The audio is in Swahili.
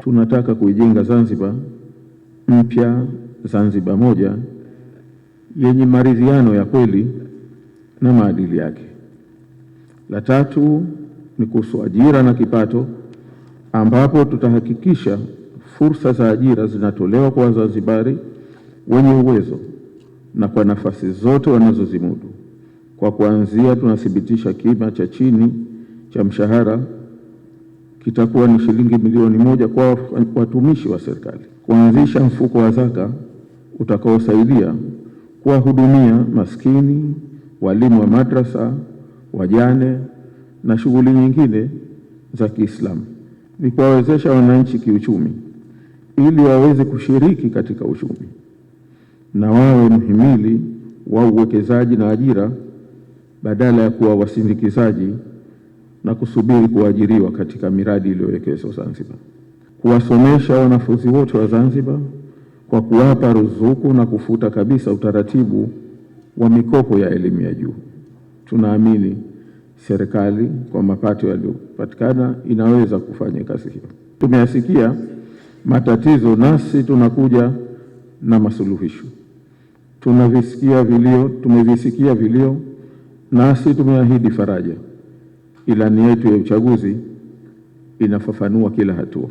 Tunataka kuijenga Zanzibar mpya, Zanzibar moja yenye maridhiano ya kweli na maadili yake. La tatu ni kuhusu ajira na kipato, ambapo tutahakikisha fursa za ajira zinatolewa kwa Wazanzibari wenye uwezo na kwa nafasi zote wanazozimudu. Kwa kuanzia, tunathibitisha kima cha chini cha mshahara kitakuwa ni shilingi milioni moja kwa watumishi wa serikali kuanzisha mfuko wa zaka utakaosaidia kuwahudumia maskini, walimu wa madrasa, wajane na shughuli nyingine za Kiislamu, ni kuwawezesha wananchi kiuchumi ili waweze kushiriki katika uchumi na wawe mhimili wa uwekezaji na ajira badala ya kuwa wasindikizaji na kusubiri kuajiriwa katika miradi iliyowekezwa Zanzibar, kuwasomesha wanafunzi wote wa Zanzibar kwa kuwapa ruzuku na kufuta kabisa utaratibu wa mikopo ya elimu ya juu. Tunaamini serikali kwa mapato yaliyopatikana inaweza kufanya kazi hiyo. Tumeyasikia matatizo, nasi tunakuja na masuluhisho. Tunavisikia vilio, tumevisikia vilio, nasi tumeahidi faraja ilani yetu ya uchaguzi inafafanua kila hatua.